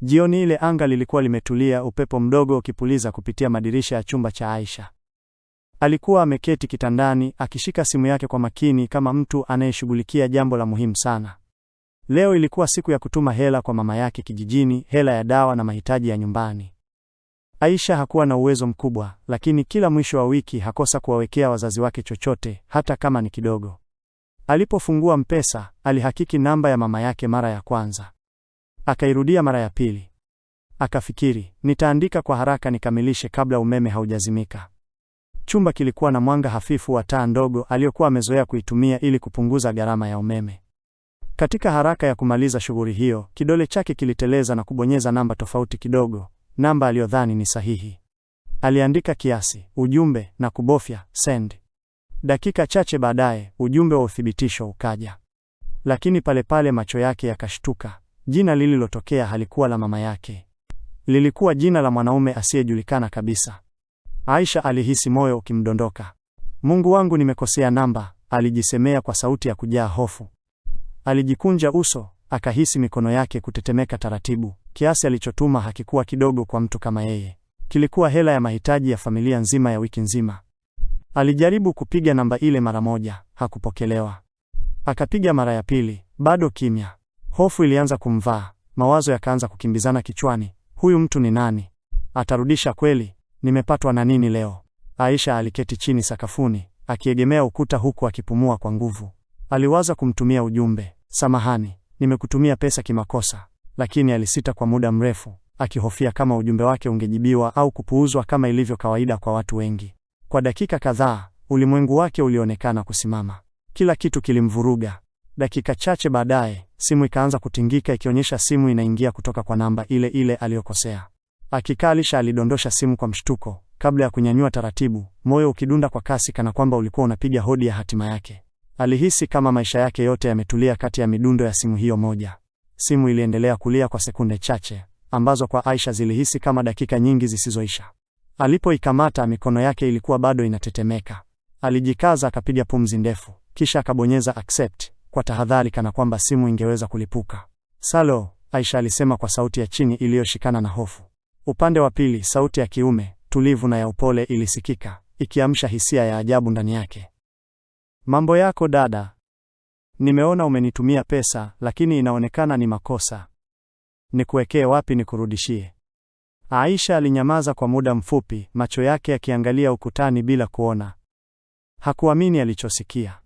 Jioni ile anga lilikuwa limetulia, upepo mdogo ukipuliza kupitia madirisha ya chumba cha Aisha. Alikuwa ameketi kitandani akishika simu yake kwa makini kama mtu anayeshughulikia jambo la muhimu sana. Leo ilikuwa siku ya kutuma hela kwa mama yake kijijini, hela ya dawa na mahitaji ya nyumbani. Aisha hakuwa na uwezo mkubwa, lakini kila mwisho wa wiki hakosa kuwawekea wazazi wake chochote, hata kama ni kidogo. Alipofungua mpesa alihakiki namba ya mama yake mara ya kwanza. Akairudia mara ya pili. Akafikiri, nitaandika kwa haraka nikamilishe kabla umeme haujazimika. Chumba kilikuwa na mwanga hafifu wa taa ndogo aliyokuwa amezoea kuitumia ili kupunguza gharama ya umeme. Katika haraka ya kumaliza shughuli hiyo, kidole chake kiliteleza na kubonyeza namba tofauti kidogo, namba aliyodhani ni sahihi. Aliandika kiasi, ujumbe na kubofya send. Dakika chache baadaye, ujumbe wa uthibitisho ukaja. Lakini palepale macho yake yakashtuka. Jina lililotokea halikuwa la mama yake, lilikuwa jina la mwanaume asiyejulikana kabisa. Aisha alihisi moyo ukimdondoka. Mungu wangu, nimekosea namba, alijisemea kwa sauti ya kujaa hofu. Alijikunja uso, akahisi mikono yake kutetemeka taratibu. Kiasi alichotuma hakikuwa kidogo kwa mtu kama yeye, kilikuwa hela ya mahitaji ya familia nzima ya wiki nzima. Alijaribu kupiga namba ile mara moja, hakupokelewa. Akapiga mara ya pili, bado kimya. Hofu ilianza kumvaa, mawazo yakaanza kukimbizana kichwani. Huyu mtu ni nani? Atarudisha kweli? Nimepatwa na nini leo? Aisha aliketi chini sakafuni, akiegemea ukuta huku akipumua kwa nguvu. Aliwaza kumtumia ujumbe, samahani, nimekutumia pesa kimakosa, lakini alisita kwa muda mrefu, akihofia kama ujumbe wake ungejibiwa au kupuuzwa kama ilivyo kawaida kwa watu wengi. Kwa dakika kadhaa, ulimwengu wake ulionekana kusimama. Kila kitu kilimvuruga, Dakika chache baadaye, simu ikaanza kutingika ikionyesha simu inaingia kutoka kwa namba ile ile aliyokosea. Akikalisha alidondosha simu kwa mshtuko, kabla ya kunyanyua taratibu, moyo ukidunda kwa kasi kana kwamba ulikuwa unapiga hodi ya hatima yake. Alihisi kama maisha yake yote yametulia kati ya midundo ya simu hiyo moja. Simu iliendelea kulia kwa sekunde chache ambazo kwa Aisha zilihisi kama dakika nyingi zisizoisha. Alipoikamata, mikono yake ilikuwa bado inatetemeka. Alijikaza, akapiga pumzi ndefu, kisha akabonyeza accept, kwa tahadhari, kana kwamba simu ingeweza kulipuka. Salo, Aisha alisema kwa sauti ya chini iliyoshikana na hofu. Upande wa pili, sauti ya kiume tulivu na ya upole ilisikika, ikiamsha hisia ya ajabu ndani yake. Mambo yako dada? Nimeona umenitumia pesa, lakini inaonekana ni makosa. Nikuwekee wapi nikurudishie? Aisha alinyamaza kwa muda mfupi, macho yake yakiangalia ukutani bila kuona. Hakuamini alichosikia.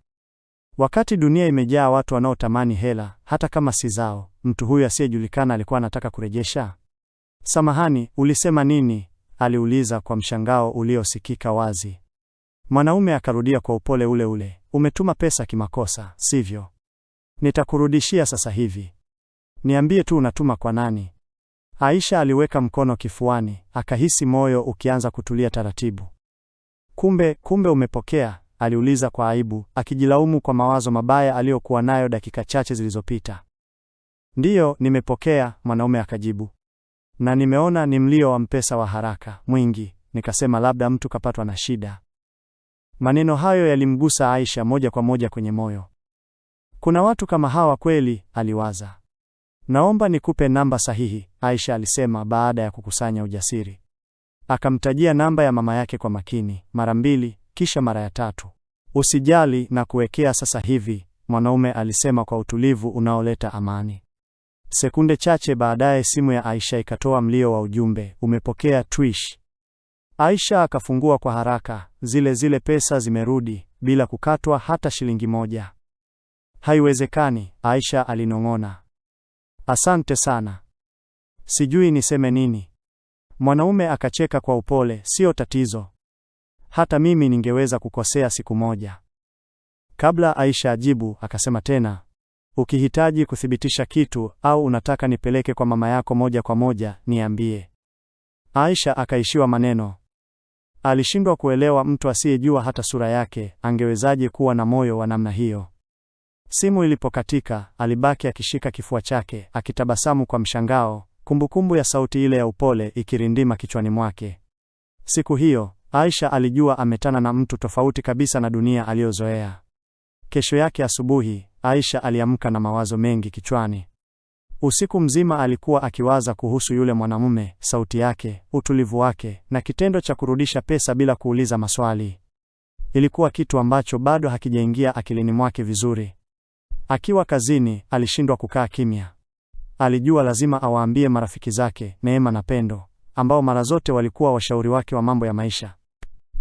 Wakati dunia imejaa watu wanaotamani hela hata kama si zao, mtu huyu asiyejulikana alikuwa anataka kurejesha. Samahani, ulisema nini? aliuliza kwa mshangao uliosikika wazi. Mwanaume akarudia kwa upole ule ule, umetuma pesa kimakosa, sivyo? Nitakurudishia sasa hivi. Niambie tu unatuma kwa nani? Aisha aliweka mkono kifuani, akahisi moyo ukianza kutulia taratibu. Kumbe, kumbe umepokea aliuliza kwa aibu, akijilaumu kwa mawazo mabaya aliyokuwa nayo dakika chache zilizopita. Ndiyo, nimepokea, mwanaume akajibu. Na nimeona ni mlio wa mpesa wa haraka mwingi, nikasema labda mtu kapatwa na shida. Maneno hayo yalimgusa Aisha moja kwa moja kwenye moyo. Kuna watu kama hawa kweli, aliwaza. Naomba nikupe namba sahihi, Aisha alisema baada ya kukusanya ujasiri. Akamtajia namba ya mama yake kwa makini, mara mbili, kisha mara ya tatu. Usijali na kuwekea sasa hivi, mwanaume alisema kwa utulivu unaoleta amani. Sekunde chache baadaye simu ya Aisha ikatoa mlio wa ujumbe, umepokea Twish. Aisha akafungua kwa haraka, zile zile pesa zimerudi bila kukatwa hata shilingi moja. Haiwezekani, Aisha alinong'ona. Asante sana. Sijui niseme nini. Mwanaume akacheka kwa upole, sio tatizo hata mimi ningeweza kukosea siku moja. Kabla Aisha ajibu, akasema tena, ukihitaji kuthibitisha kitu au unataka nipeleke kwa mama yako moja kwa moja, niambie. Aisha akaishiwa maneno. Alishindwa kuelewa mtu asiyejua hata sura yake angewezaje kuwa na moyo wa namna hiyo. Simu ilipokatika, alibaki akishika kifua chake akitabasamu kwa mshangao, kumbukumbu ya sauti ile ya upole ikirindima kichwani mwake. Siku hiyo Aisha alijua ametana na mtu tofauti kabisa na dunia aliyozoea. Kesho yake asubuhi, Aisha aliamka na mawazo mengi kichwani. Usiku mzima alikuwa akiwaza kuhusu yule mwanamume, sauti yake, utulivu wake, na kitendo cha kurudisha pesa bila kuuliza maswali. Ilikuwa kitu ambacho bado hakijaingia akilini mwake vizuri. Akiwa kazini, alishindwa kukaa kimya. Alijua lazima awaambie marafiki zake Neema na Pendo, ambao mara zote walikuwa washauri wake wa mambo ya maisha.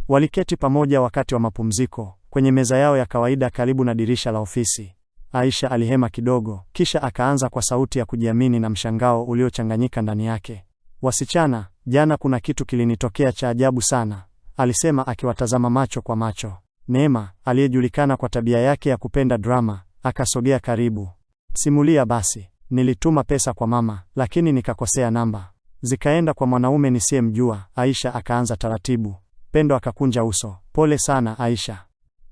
Waliketi pamoja wakati wa mapumziko kwenye meza yao ya kawaida karibu na dirisha la ofisi. Aisha alihema kidogo, kisha akaanza kwa sauti ya kujiamini na mshangao uliochanganyika ndani yake. Wasichana, jana kuna kitu kilinitokea cha ajabu sana, alisema akiwatazama macho kwa macho. Neema, aliyejulikana kwa tabia yake ya kupenda drama, akasogea karibu. Simulia basi. Nilituma pesa kwa mama, lakini nikakosea namba, zikaenda kwa mwanaume nisiyemjua, Aisha akaanza taratibu. Pendo akakunja uso. Pole sana Aisha,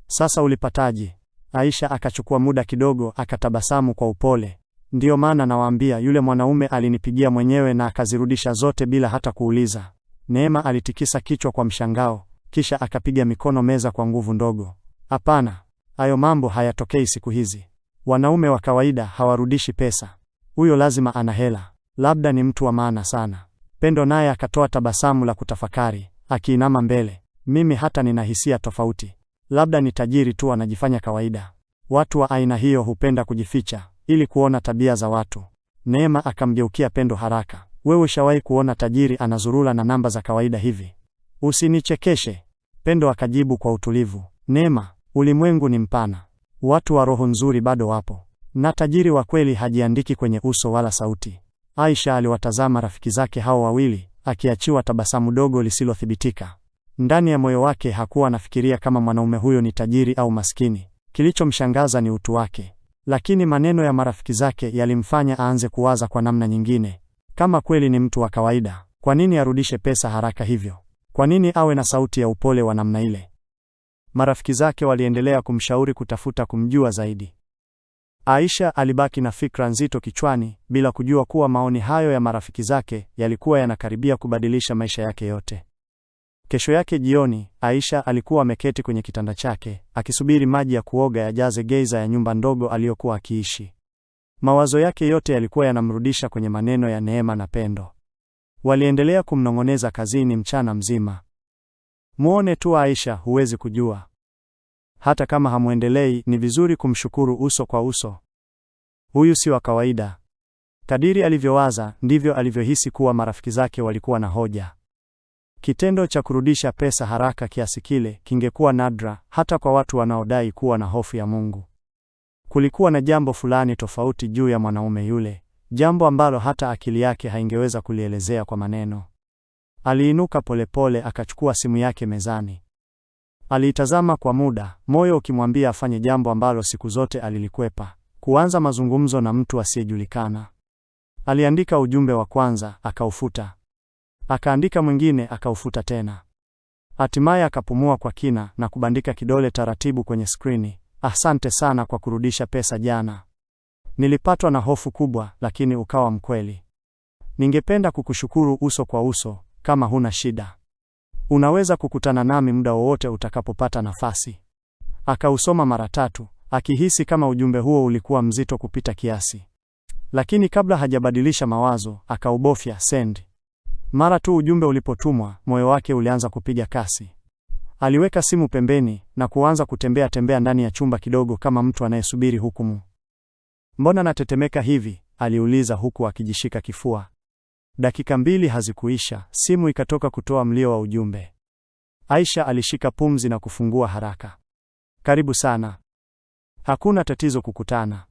sasa ulipataje? Aisha akachukua muda kidogo, akatabasamu kwa upole. Ndiyo maana nawaambia, yule mwanaume alinipigia mwenyewe na akazirudisha zote bila hata kuuliza. Neema alitikisa kichwa kwa mshangao, kisha akapiga mikono meza kwa nguvu ndogo. Hapana, hayo mambo hayatokei siku hizi. Wanaume wa kawaida hawarudishi pesa, huyo lazima ana hela, labda ni mtu wa maana sana. Pendo naye akatoa tabasamu la kutafakari akiinama mbele. Mimi hata nina hisia tofauti, labda ni tajiri tu anajifanya kawaida. Watu wa aina hiyo hupenda kujificha ili kuona tabia za watu. Neema akamgeukia Pendo haraka. Wewe shawahi kuona tajiri anazurula na namba za kawaida hivi? Usinichekeshe. Pendo akajibu kwa utulivu. Neema, ulimwengu ni mpana, watu wa roho nzuri bado wapo, na tajiri wa kweli hajiandiki kwenye uso wala sauti. Aisha aliwatazama rafiki zake hao wawili akiachiwa tabasamu dogo lisilothibitika. Ndani ya moyo wake hakuwa anafikiria kama mwanaume huyo ni tajiri au maskini. Kilichomshangaza ni utu wake, lakini maneno ya marafiki zake yalimfanya aanze kuwaza kwa namna nyingine. Kama kweli ni mtu wa kawaida, kwa nini arudishe pesa haraka hivyo? Kwa nini awe na sauti ya upole wa namna ile? Marafiki zake waliendelea kumshauri kutafuta kumjua zaidi. Aisha alibaki na fikra nzito kichwani bila kujua kuwa maoni hayo ya marafiki zake yalikuwa yanakaribia kubadilisha maisha yake yote. Kesho yake jioni, Aisha alikuwa ameketi kwenye kitanda chake akisubiri maji ya kuoga yajaze geiza ya nyumba ndogo aliyokuwa akiishi. Mawazo yake yote yalikuwa yanamrudisha kwenye maneno ya Neema na Pendo. Waliendelea kumnong'oneza kazini mchana mzima. Muone tu Aisha, huwezi kujua hata kama hamwendelei, ni vizuri kumshukuru uso kwa uso. Huyu si wa kawaida. Kadiri alivyowaza ndivyo alivyohisi kuwa marafiki zake walikuwa na hoja. Kitendo cha kurudisha pesa haraka kiasi kile kingekuwa nadra hata kwa watu wanaodai kuwa na hofu ya Mungu. Kulikuwa na jambo fulani tofauti juu ya mwanaume yule, jambo ambalo hata akili yake haingeweza kulielezea kwa maneno. Aliinuka polepole akachukua simu yake mezani. Aliitazama kwa muda, moyo ukimwambia afanye jambo ambalo siku zote alilikwepa, kuanza mazungumzo na mtu asiyejulikana. Aliandika ujumbe wa kwanza, akaufuta. Akaandika mwingine, akaufuta tena. Hatimaye akapumua kwa kina na kubandika kidole taratibu kwenye skrini. Asante sana kwa kurudisha pesa jana. Nilipatwa na hofu kubwa, lakini ukawa mkweli. Ningependa kukushukuru uso kwa uso kama huna shida. Unaweza kukutana nami muda wowote utakapopata nafasi. Akausoma mara tatu, akihisi kama ujumbe huo ulikuwa mzito kupita kiasi, lakini kabla hajabadilisha mawazo, akaubofya send. Mara tu ujumbe ulipotumwa, moyo wake ulianza kupiga kasi. Aliweka simu pembeni na kuanza kutembea tembea ndani ya chumba kidogo kama mtu anayesubiri hukumu. Mbona natetemeka hivi? aliuliza huku akijishika kifua. Dakika mbili hazikuisha, simu ikatoka kutoa mlio wa ujumbe. Aisha alishika pumzi na kufungua haraka. Karibu sana. Hakuna tatizo kukutana.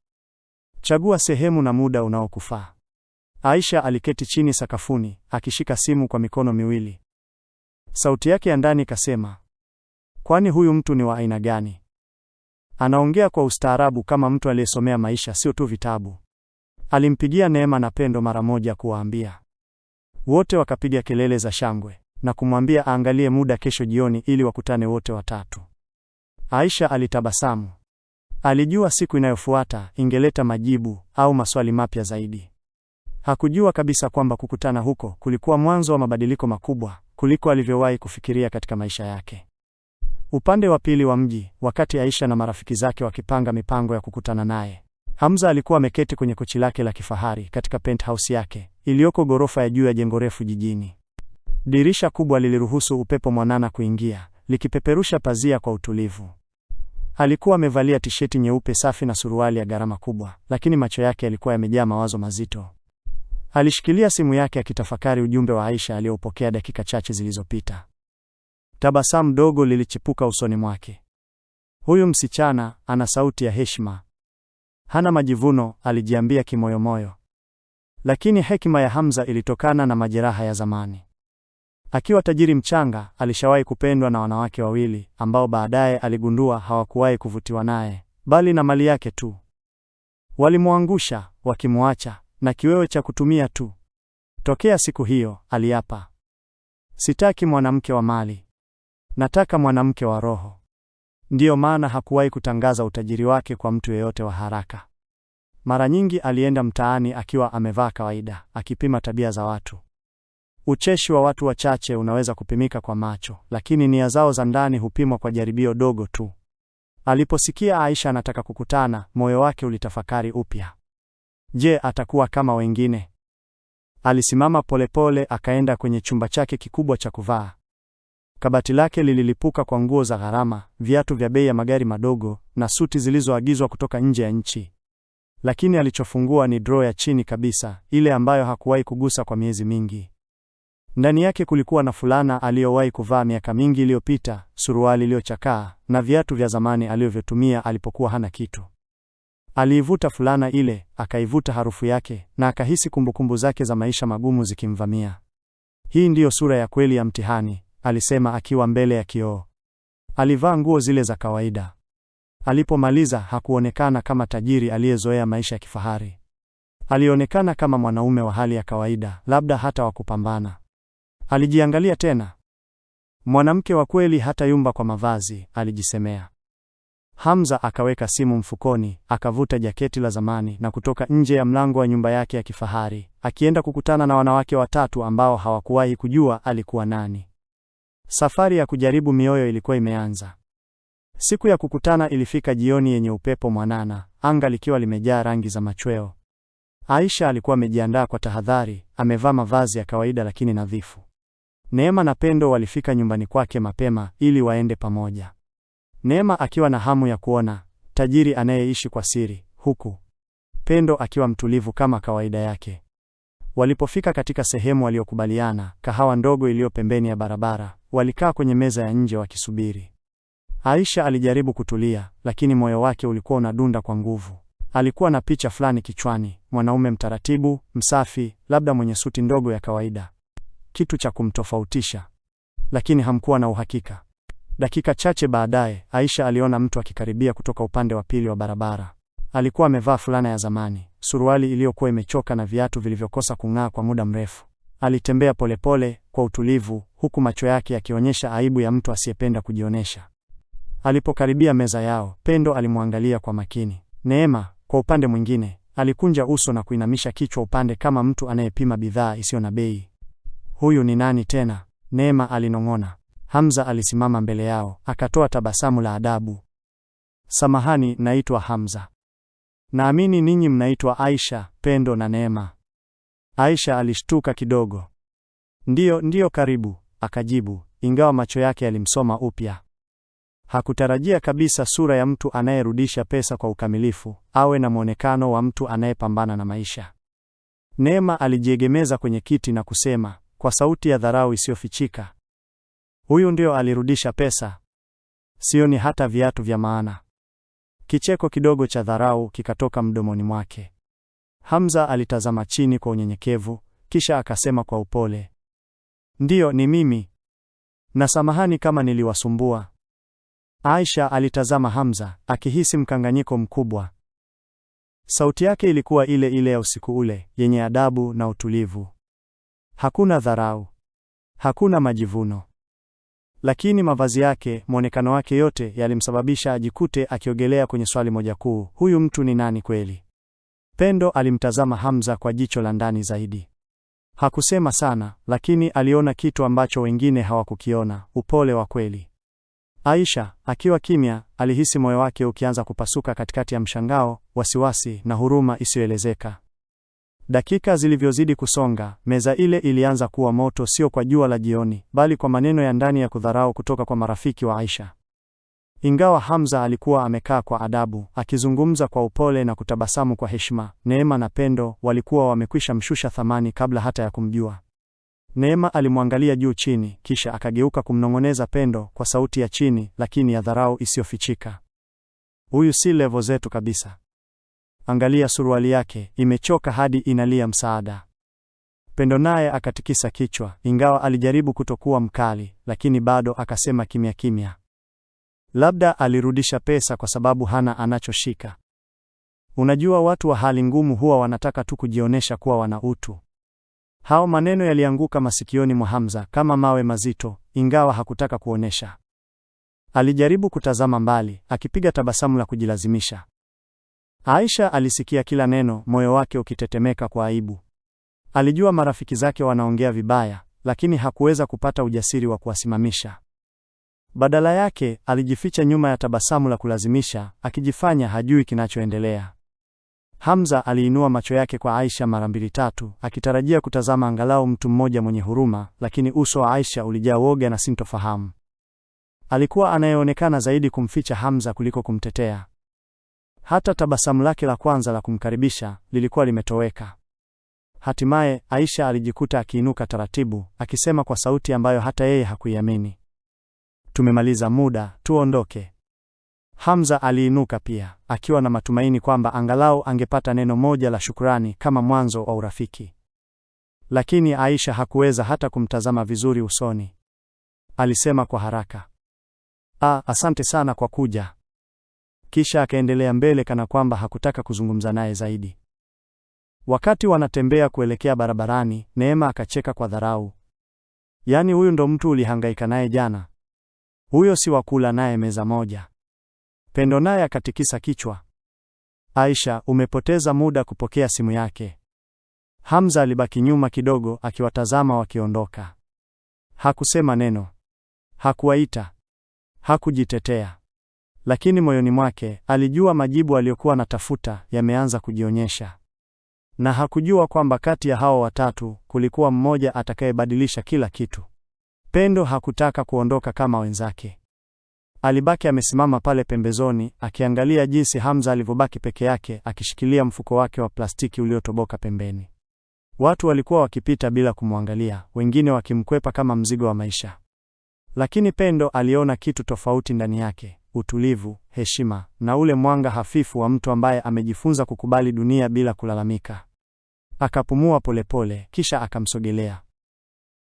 Chagua sehemu na muda unaokufaa. Aisha aliketi chini sakafuni, akishika simu kwa mikono miwili. Sauti yake ya ndani ikasema, "Kwani huyu mtu ni wa aina gani? Anaongea kwa ustaarabu kama mtu aliyesomea maisha, sio tu vitabu." Alimpigia Neema na Pendo mara moja kuwaambia, wote wakapiga kelele za shangwe na kumwambia aangalie muda kesho jioni ili wakutane wote watatu. Aisha alitabasamu. Alijua siku inayofuata ingeleta majibu au maswali mapya zaidi. Hakujua kabisa kwamba kukutana huko kulikuwa mwanzo wa mabadiliko makubwa kuliko alivyowahi kufikiria katika maisha yake. Upande wa pili wa mji, wakati Aisha na marafiki zake wakipanga mipango ya kukutana naye, Hamza alikuwa ameketi kwenye kochi lake la kifahari katika penthouse yake iliyoko ghorofa ya juu ya jengo refu jijini. Dirisha kubwa liliruhusu upepo mwanana kuingia, likipeperusha pazia kwa utulivu. Alikuwa amevalia tisheti nyeupe safi na suruali ya gharama kubwa, lakini macho yake yalikuwa yamejaa mawazo mazito. Alishikilia simu yake akitafakari ujumbe wa Aisha aliyopokea dakika chache zilizopita. Tabasamu dogo lilichipuka usoni mwake. Huyu msichana ana sauti ya heshima hana majivuno, alijiambia kimoyomoyo. Lakini hekima ya Hamza ilitokana na majeraha ya zamani. Akiwa tajiri mchanga, alishawahi kupendwa na wanawake wawili ambao baadaye aligundua hawakuwahi kuvutiwa naye, bali na mali yake tu. Walimwangusha, wakimwacha na kiwewe cha kutumia tu. Tokea siku hiyo, aliapa, sitaki mwanamke wa mali. Nataka mwanamke wa roho. Ndiyo maana hakuwahi kutangaza utajiri wake kwa mtu yeyote wa haraka. Mara nyingi alienda mtaani akiwa amevaa kawaida, akipima tabia za watu. Ucheshi wa watu wachache unaweza kupimika kwa macho, lakini nia zao za ndani hupimwa kwa jaribio dogo tu. Aliposikia Aisha anataka kukutana, moyo wake ulitafakari upya. Je, atakuwa kama wengine? Alisimama polepole akaenda kwenye chumba chake kikubwa cha kuvaa. Kabati lake lililipuka kwa nguo za gharama, viatu vya bei ya magari madogo na suti zilizoagizwa kutoka nje ya nchi. Lakini alichofungua ni draw ya chini kabisa, ile ambayo hakuwahi kugusa kwa miezi mingi. Ndani yake kulikuwa na fulana aliyowahi kuvaa miaka mingi iliyopita, suruali iliyochakaa na viatu vya zamani alivyotumia alipokuwa hana kitu. Aliivuta fulana ile, akaivuta harufu yake, na akahisi kumbukumbu zake za maisha magumu zikimvamia. Hii ndiyo sura ya kweli ya mtihani, alisema akiwa mbele ya kioo. Alivaa nguo zile za kawaida. Alipomaliza hakuonekana kama tajiri aliyezoea maisha ya kifahari. Alionekana kama mwanaume wa hali ya kawaida, labda hata wa kupambana. Alijiangalia tena. Mwanamke wa kweli hata yumba kwa mavazi, alijisemea. Hamza akaweka simu mfukoni, akavuta jaketi la zamani na kutoka nje ya mlango wa nyumba yake ya kifahari, akienda kukutana na wanawake watatu ambao hawakuwahi kujua alikuwa nani. Safari ya kujaribu mioyo ilikuwa imeanza. Siku ya kukutana ilifika jioni yenye upepo mwanana, anga likiwa limejaa rangi za machweo. Aisha alikuwa amejiandaa kwa tahadhari, amevaa mavazi ya kawaida lakini nadhifu. Neema na Pendo walifika nyumbani kwake mapema ili waende pamoja. Neema akiwa na hamu ya kuona tajiri anayeishi kwa siri, huku Pendo akiwa mtulivu kama kawaida yake. Walipofika katika sehemu waliokubaliana, kahawa ndogo iliyo pembeni ya barabara, walikaa kwenye meza ya nje wakisubiri. Aisha alijaribu kutulia, lakini moyo wake ulikuwa unadunda kwa nguvu. Alikuwa na picha fulani kichwani, mwanaume mtaratibu, msafi, labda mwenye suti ndogo ya kawaida, kitu cha kumtofautisha, lakini hamkuwa na uhakika. Dakika chache baadaye, Aisha aliona mtu akikaribia kutoka upande wa pili wa barabara. Alikuwa amevaa fulana ya zamani, suruali iliyokuwa imechoka na viatu vilivyokosa kung'aa kwa muda mrefu. Alitembea polepole pole, kwa utulivu, huku macho yake yakionyesha aibu ya mtu asiyependa kujionyesha. Alipokaribia meza yao, Pendo alimwangalia kwa makini. Neema, kwa upande mwingine, alikunja uso na kuinamisha kichwa upande kama mtu anayepima bidhaa isiyo na bei. Huyu ni nani tena? Neema alinong'ona. Hamza alisimama mbele yao, akatoa tabasamu la adabu. Samahani, naitwa Hamza. Naamini ninyi mnaitwa Aisha, Pendo na Neema. Aisha alishtuka kidogo. Ndiyo, ndiyo, karibu, akajibu, ingawa macho yake yalimsoma upya. Hakutarajia kabisa sura ya mtu anayerudisha pesa kwa ukamilifu awe na mwonekano wa mtu anayepambana na maisha. Neema alijiegemeza kwenye kiti na kusema kwa sauti ya dharau isiyofichika, huyu ndio alirudisha pesa? Sioni hata viatu vya maana. Kicheko kidogo cha dharau kikatoka mdomoni mwake. Hamza alitazama chini kwa unyenyekevu, kisha akasema kwa upole, ndiyo, ni mimi, na samahani kama niliwasumbua. Aisha alitazama Hamza akihisi mkanganyiko mkubwa. Sauti yake ilikuwa ile ile ya usiku ule, yenye adabu na utulivu. Hakuna dharau, hakuna majivuno. Lakini mavazi yake, mwonekano wake, yote yalimsababisha ajikute akiogelea kwenye swali moja kuu: huyu mtu ni nani kweli? Pendo alimtazama Hamza kwa jicho la ndani zaidi. Hakusema sana, lakini aliona kitu ambacho wengine hawakukiona: upole wa kweli. Aisha, akiwa kimya, alihisi moyo wake ukianza kupasuka katikati ya mshangao, wasiwasi na huruma isiyoelezeka. Dakika zilivyozidi kusonga, meza ile ilianza kuwa moto, sio kwa jua la jioni, bali kwa maneno ya ndani ya kudharau kutoka kwa marafiki wa Aisha. Ingawa Hamza alikuwa amekaa kwa adabu, akizungumza kwa upole na kutabasamu kwa heshima, Neema na Pendo walikuwa wamekwisha mshusha thamani kabla hata ya kumjua. Neema alimwangalia juu chini, kisha akageuka kumnong'oneza Pendo kwa sauti ya chini lakini ya dharau isiyofichika, huyu si levo zetu kabisa. Angalia suruali yake, imechoka hadi inalia msaada. Pendo naye akatikisa kichwa, ingawa alijaribu kutokuwa mkali, lakini bado akasema kimya kimya. Labda alirudisha pesa kwa sababu hana anachoshika. Unajua, watu wa hali ngumu huwa wanataka tu kujionyesha kuwa wana utu. Hao maneno yalianguka masikioni mwa Hamza kama mawe mazito, ingawa hakutaka kuonesha. Alijaribu kutazama mbali, akipiga tabasamu la kujilazimisha. Aisha alisikia kila neno, moyo wake ukitetemeka kwa aibu. Alijua marafiki zake wanaongea vibaya, lakini hakuweza kupata ujasiri wa kuwasimamisha. Badala yake, alijificha nyuma ya tabasamu la kulazimisha, akijifanya hajui kinachoendelea. Hamza aliinua macho yake kwa Aisha mara mbili tatu, akitarajia kutazama angalau mtu mmoja mwenye huruma, lakini uso wa Aisha ulijaa woga na sintofahamu. Alikuwa anayeonekana zaidi kumficha Hamza kuliko kumtetea hata tabasamu lake la kwanza la kumkaribisha lilikuwa limetoweka. Hatimaye Aisha alijikuta akiinuka taratibu, akisema kwa sauti ambayo hata yeye hakuiamini, tumemaliza muda, tuondoke. Hamza aliinuka pia, akiwa na matumaini kwamba angalau angepata neno moja la shukurani kama mwanzo wa urafiki. Lakini Aisha hakuweza hata kumtazama vizuri usoni. Alisema kwa haraka, "Ah, asante sana kwa kuja kisha akaendelea mbele kana kwamba hakutaka kuzungumza naye zaidi. Wakati wanatembea kuelekea barabarani, Neema akacheka kwa dharau. Yaani huyu ndo mtu ulihangaika naye jana? Huyo si wakula naye meza moja? Pendo naye akatikisa kichwa. Aisha, umepoteza muda kupokea simu yake. Hamza alibaki nyuma kidogo akiwatazama wakiondoka. Hakusema neno. Hakuwaita. Hakujitetea lakini moyoni mwake alijua majibu aliyokuwa anatafuta yameanza kujionyesha, na hakujua kwamba kati ya hao watatu kulikuwa mmoja atakayebadilisha kila kitu. Pendo hakutaka kuondoka kama wenzake. Alibaki amesimama pale pembezoni akiangalia jinsi Hamza alivyobaki peke yake akishikilia mfuko wake wa plastiki uliotoboka pembeni. Watu walikuwa wakipita bila kumwangalia, wengine wakimkwepa kama mzigo wa maisha. Lakini Pendo aliona kitu tofauti ndani yake utulivu, heshima na ule mwanga hafifu wa mtu ambaye amejifunza kukubali dunia bila kulalamika. Akapumua polepole, kisha akamsogelea.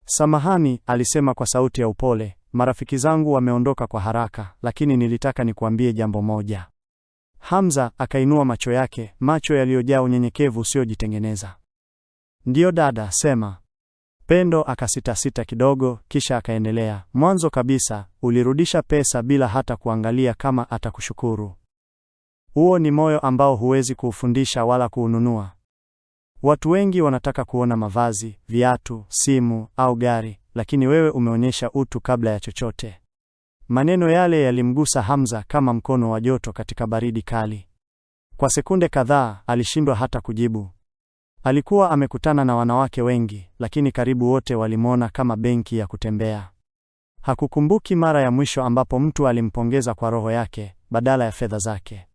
Samahani, alisema kwa sauti ya upole, marafiki zangu wameondoka kwa haraka, lakini nilitaka nikuambie jambo moja. Hamza akainua macho yake, macho yaliyojaa unyenyekevu usiojitengeneza. Ndiyo dada, sema. Pendo akasitasita kidogo, kisha akaendelea, mwanzo kabisa ulirudisha pesa bila hata kuangalia kama atakushukuru. Huo ni moyo ambao huwezi kuufundisha wala kuununua. Watu wengi wanataka kuona mavazi, viatu, simu au gari, lakini wewe umeonyesha utu kabla ya chochote. Maneno yale yalimgusa Hamza kama mkono wa joto katika baridi kali. Kwa sekunde kadhaa alishindwa hata kujibu. Alikuwa amekutana na wanawake wengi, lakini karibu wote walimwona kama benki ya kutembea. Hakukumbuki mara ya mwisho ambapo mtu alimpongeza kwa roho yake badala ya fedha zake.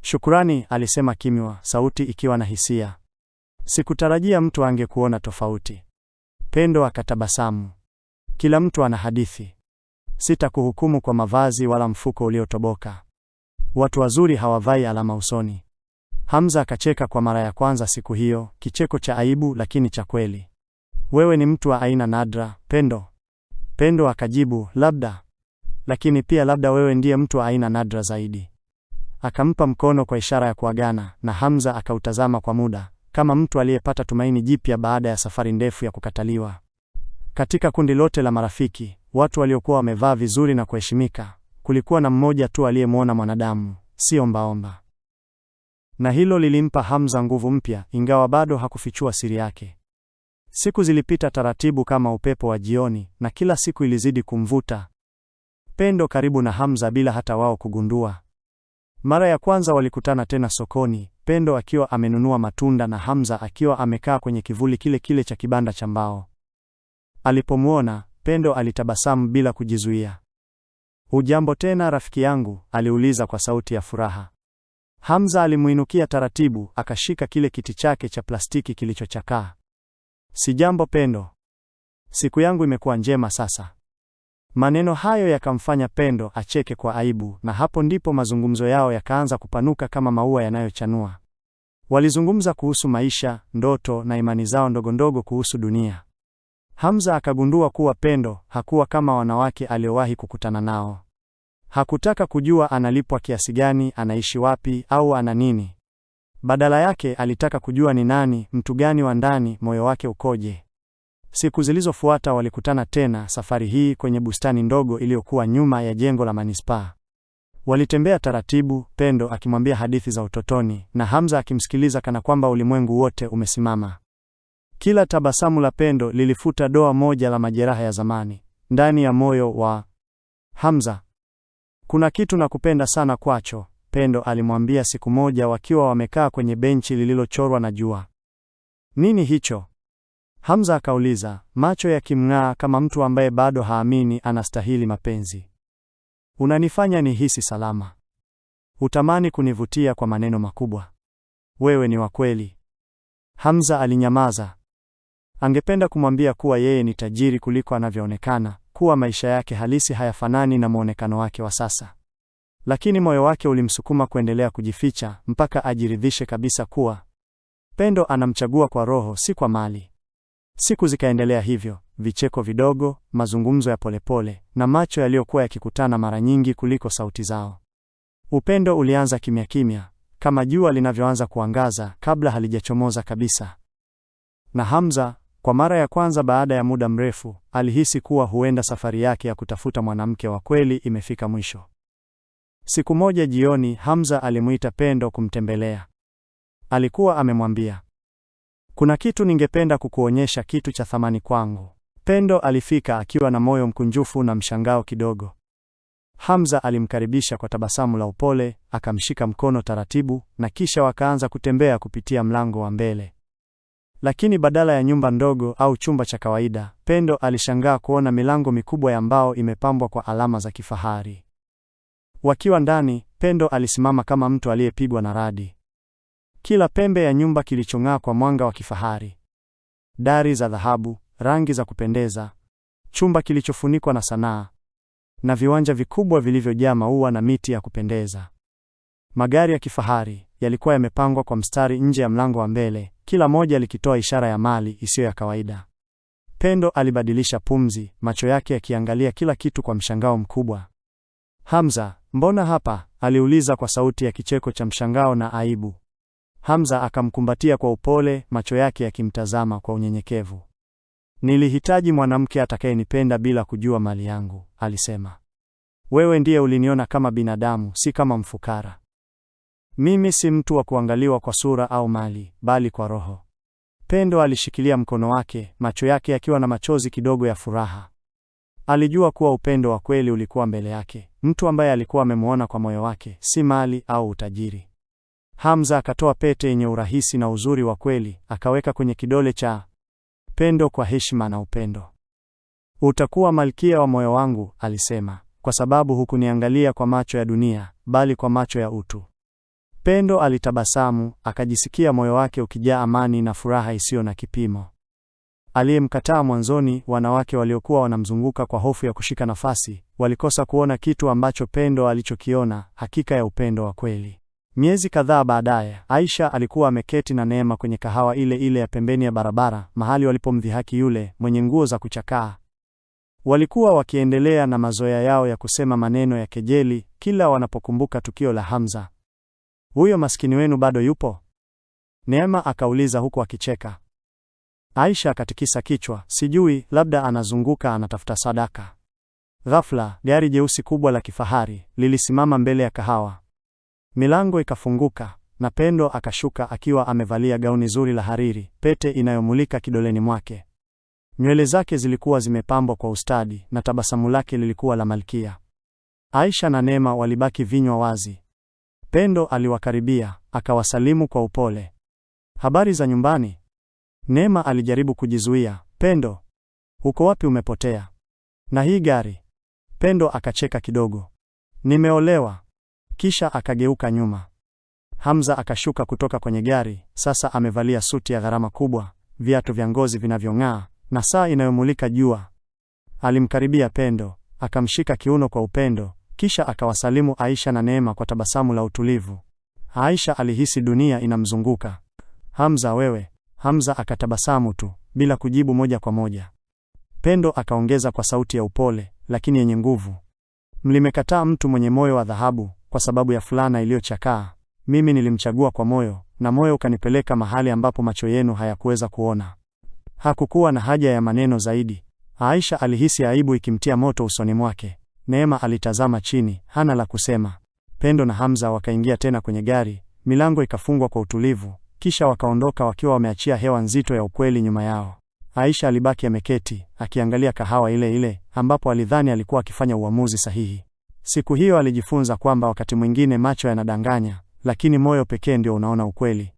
Shukrani, alisema kimya, sauti ikiwa na hisia. Sikutarajia mtu angekuona tofauti. Pendo akatabasamu. Kila mtu ana hadithi. Sitakuhukumu kwa mavazi wala mfuko uliotoboka. Watu wazuri hawavai alama usoni. Hamza akacheka kwa mara ya kwanza siku hiyo, kicheko cha aibu lakini cha kweli. Wewe ni mtu wa aina nadra, Pendo. Pendo akajibu, labda, lakini pia labda wewe ndiye mtu wa aina nadra zaidi. Akampa mkono kwa ishara ya kuagana, na Hamza akautazama kwa muda kama mtu aliyepata tumaini jipya baada ya safari ndefu ya kukataliwa. Katika kundi lote la marafiki, watu waliokuwa wamevaa vizuri na kuheshimika, kulikuwa na mmoja tu aliyemwona mwanadamu, si ombaomba na hilo lilimpa Hamza nguvu mpya, ingawa bado hakufichua siri yake. Siku zilipita taratibu kama upepo wa jioni, na kila siku ilizidi kumvuta Pendo karibu na Hamza bila hata wao kugundua. Mara ya kwanza walikutana tena sokoni, Pendo akiwa amenunua matunda na Hamza akiwa amekaa kwenye kivuli kile kile cha kibanda cha mbao. Alipomwona, Pendo alitabasamu bila kujizuia. ujambo tena rafiki yangu, aliuliza kwa sauti ya furaha. Hamza alimuinukia taratibu, akashika kile kiti chake cha plastiki kilichochakaa. Sijambo Pendo, siku yangu imekuwa njema sasa. Maneno hayo yakamfanya Pendo acheke kwa aibu, na hapo ndipo mazungumzo yao yakaanza kupanuka kama maua yanayochanua. Walizungumza kuhusu maisha, ndoto na imani zao ndogondogo kuhusu dunia. Hamza akagundua kuwa Pendo hakuwa kama wanawake aliowahi kukutana nao. Hakutaka kujua analipwa kiasi gani, anaishi wapi au ana nini. Badala yake alitaka kujua ni nani, mtu gani wa ndani, moyo wake ukoje. Siku zilizofuata walikutana tena, safari hii kwenye bustani ndogo iliyokuwa nyuma ya jengo la manispaa. Walitembea taratibu, Pendo akimwambia hadithi za utotoni na Hamza akimsikiliza kana kwamba ulimwengu wote umesimama. Kila tabasamu la Pendo lilifuta doa moja la majeraha ya zamani ndani ya moyo wa Hamza. Kuna kitu na kupenda sana kwacho, Pendo alimwambia siku moja wakiwa wamekaa kwenye benchi lililochorwa na jua. Nini hicho? Hamza akauliza, macho yakimng'aa kama mtu ambaye bado haamini anastahili mapenzi. Unanifanya nihisi salama. Utamani kunivutia kwa maneno makubwa. Wewe ni wa kweli. Hamza alinyamaza. Angependa kumwambia kuwa yeye ni tajiri kuliko anavyoonekana, kuwa maisha yake halisi hayafanani na mwonekano wake wa sasa. Lakini moyo wake ulimsukuma kuendelea kujificha mpaka ajiridhishe kabisa kuwa Pendo anamchagua kwa roho, si kwa mali. Siku zikaendelea hivyo, vicheko vidogo, mazungumzo ya polepole na macho yaliyokuwa yakikutana mara nyingi kuliko sauti zao. Upendo ulianza kimya kimya, kama jua linavyoanza kuangaza kabla halijachomoza kabisa. Na Hamza kwa mara ya kwanza baada ya muda mrefu, alihisi kuwa huenda safari yake ya kutafuta mwanamke wa kweli imefika mwisho. Siku moja jioni, Hamza alimuita Pendo kumtembelea. Alikuwa amemwambia, "Kuna kitu ningependa kukuonyesha, kitu cha thamani kwangu." Pendo alifika akiwa na moyo mkunjufu na mshangao kidogo. Hamza alimkaribisha kwa tabasamu la upole, akamshika mkono taratibu na kisha wakaanza kutembea kupitia mlango wa mbele. Lakini badala ya nyumba ndogo au chumba cha kawaida, Pendo alishangaa kuona milango mikubwa ya mbao imepambwa kwa alama za kifahari. Wakiwa ndani, Pendo alisimama kama mtu aliyepigwa na radi. Kila pembe ya nyumba kilichong'aa kwa mwanga wa kifahari. Dari za dhahabu, rangi za kupendeza, chumba kilichofunikwa na sanaa, na viwanja vikubwa vilivyojaa maua na miti ya kupendeza. Magari ya kifahari, yalikuwa yamepangwa kwa mstari nje ya mlango wa mbele, kila moja likitoa ishara ya mali isiyo ya kawaida. Pendo alibadilisha pumzi, macho yake yakiangalia kila kitu kwa mshangao mkubwa. Hamza, mbona hapa? aliuliza kwa sauti ya kicheko cha mshangao na aibu. Hamza akamkumbatia kwa upole, macho yake yakimtazama kwa unyenyekevu. Nilihitaji mwanamke atakayenipenda bila kujua mali yangu, alisema. Wewe ndiye uliniona kama binadamu, si kama mfukara. Mimi si mtu wa kuangaliwa kwa sura au mali, bali kwa roho. Pendo alishikilia mkono wake, macho yake yakiwa na machozi kidogo ya furaha. Alijua kuwa upendo wa kweli ulikuwa mbele yake, mtu ambaye alikuwa amemwona kwa moyo wake, si mali au utajiri. Hamza akatoa pete yenye urahisi na uzuri wa kweli, akaweka kwenye kidole cha Pendo kwa heshima na upendo. Utakuwa malkia wa moyo wangu, alisema, kwa sababu hukuniangalia kwa macho ya dunia, bali kwa macho ya utu. Pendo alitabasamu, akajisikia moyo wake ukijaa amani na furaha isiyo na kipimo. Aliyemkataa mwanzoni, wanawake waliokuwa wanamzunguka kwa hofu ya kushika nafasi, walikosa kuona kitu ambacho Pendo alichokiona, hakika ya upendo wa kweli. Miezi kadhaa baadaye, Aisha alikuwa ameketi na Neema kwenye kahawa ile ile ya pembeni ya barabara, mahali walipomdhihaki yule mwenye nguo za kuchakaa. Walikuwa wakiendelea na mazoea yao ya kusema maneno ya kejeli kila wanapokumbuka tukio la Hamza. Huyo maskini wenu bado yupo? Neema akauliza huku akicheka. Aisha akatikisa kichwa, sijui, labda anazunguka anatafuta sadaka. Ghafla, gari jeusi kubwa la kifahari lilisimama mbele ya kahawa. Milango ikafunguka na Pendo akashuka akiwa amevalia gauni zuri la hariri, pete inayomulika kidoleni mwake. Nywele zake zilikuwa zimepambwa kwa ustadi na tabasamu lake lilikuwa la malkia. Aisha na Neema walibaki vinywa wazi, Pendo aliwakaribia, akawasalimu kwa upole. Habari za nyumbani? Neema alijaribu kujizuia. Pendo, uko wapi umepotea? Na hii gari? Pendo akacheka kidogo. Nimeolewa. Kisha akageuka nyuma. Hamza akashuka kutoka kwenye gari, sasa amevalia suti ya gharama kubwa, viatu vya ngozi vinavyong'aa na saa inayomulika jua. Alimkaribia Pendo, akamshika kiuno kwa upendo, kisha akawasalimu Aisha na Neema kwa tabasamu la utulivu. Aisha alihisi dunia inamzunguka. Hamza wewe. Hamza akatabasamu tu bila kujibu moja kwa moja. Pendo akaongeza kwa sauti ya upole lakini yenye nguvu. Mlimekataa mtu mwenye moyo wa dhahabu kwa sababu ya fulana iliyochakaa. Mimi nilimchagua kwa moyo na moyo ukanipeleka mahali ambapo macho yenu hayakuweza kuona. Hakukuwa na haja ya maneno zaidi. Aisha alihisi aibu ikimtia moto usoni mwake. Neema alitazama chini, hana la kusema. Pendo na Hamza wakaingia tena kwenye gari, milango ikafungwa kwa utulivu, kisha wakaondoka wakiwa wameachia hewa nzito ya ukweli nyuma yao. Aisha alibaki ameketi akiangalia kahawa ile ile ambapo alidhani alikuwa akifanya uamuzi sahihi. Siku hiyo alijifunza kwamba wakati mwingine macho yanadanganya, lakini moyo pekee ndio unaona ukweli.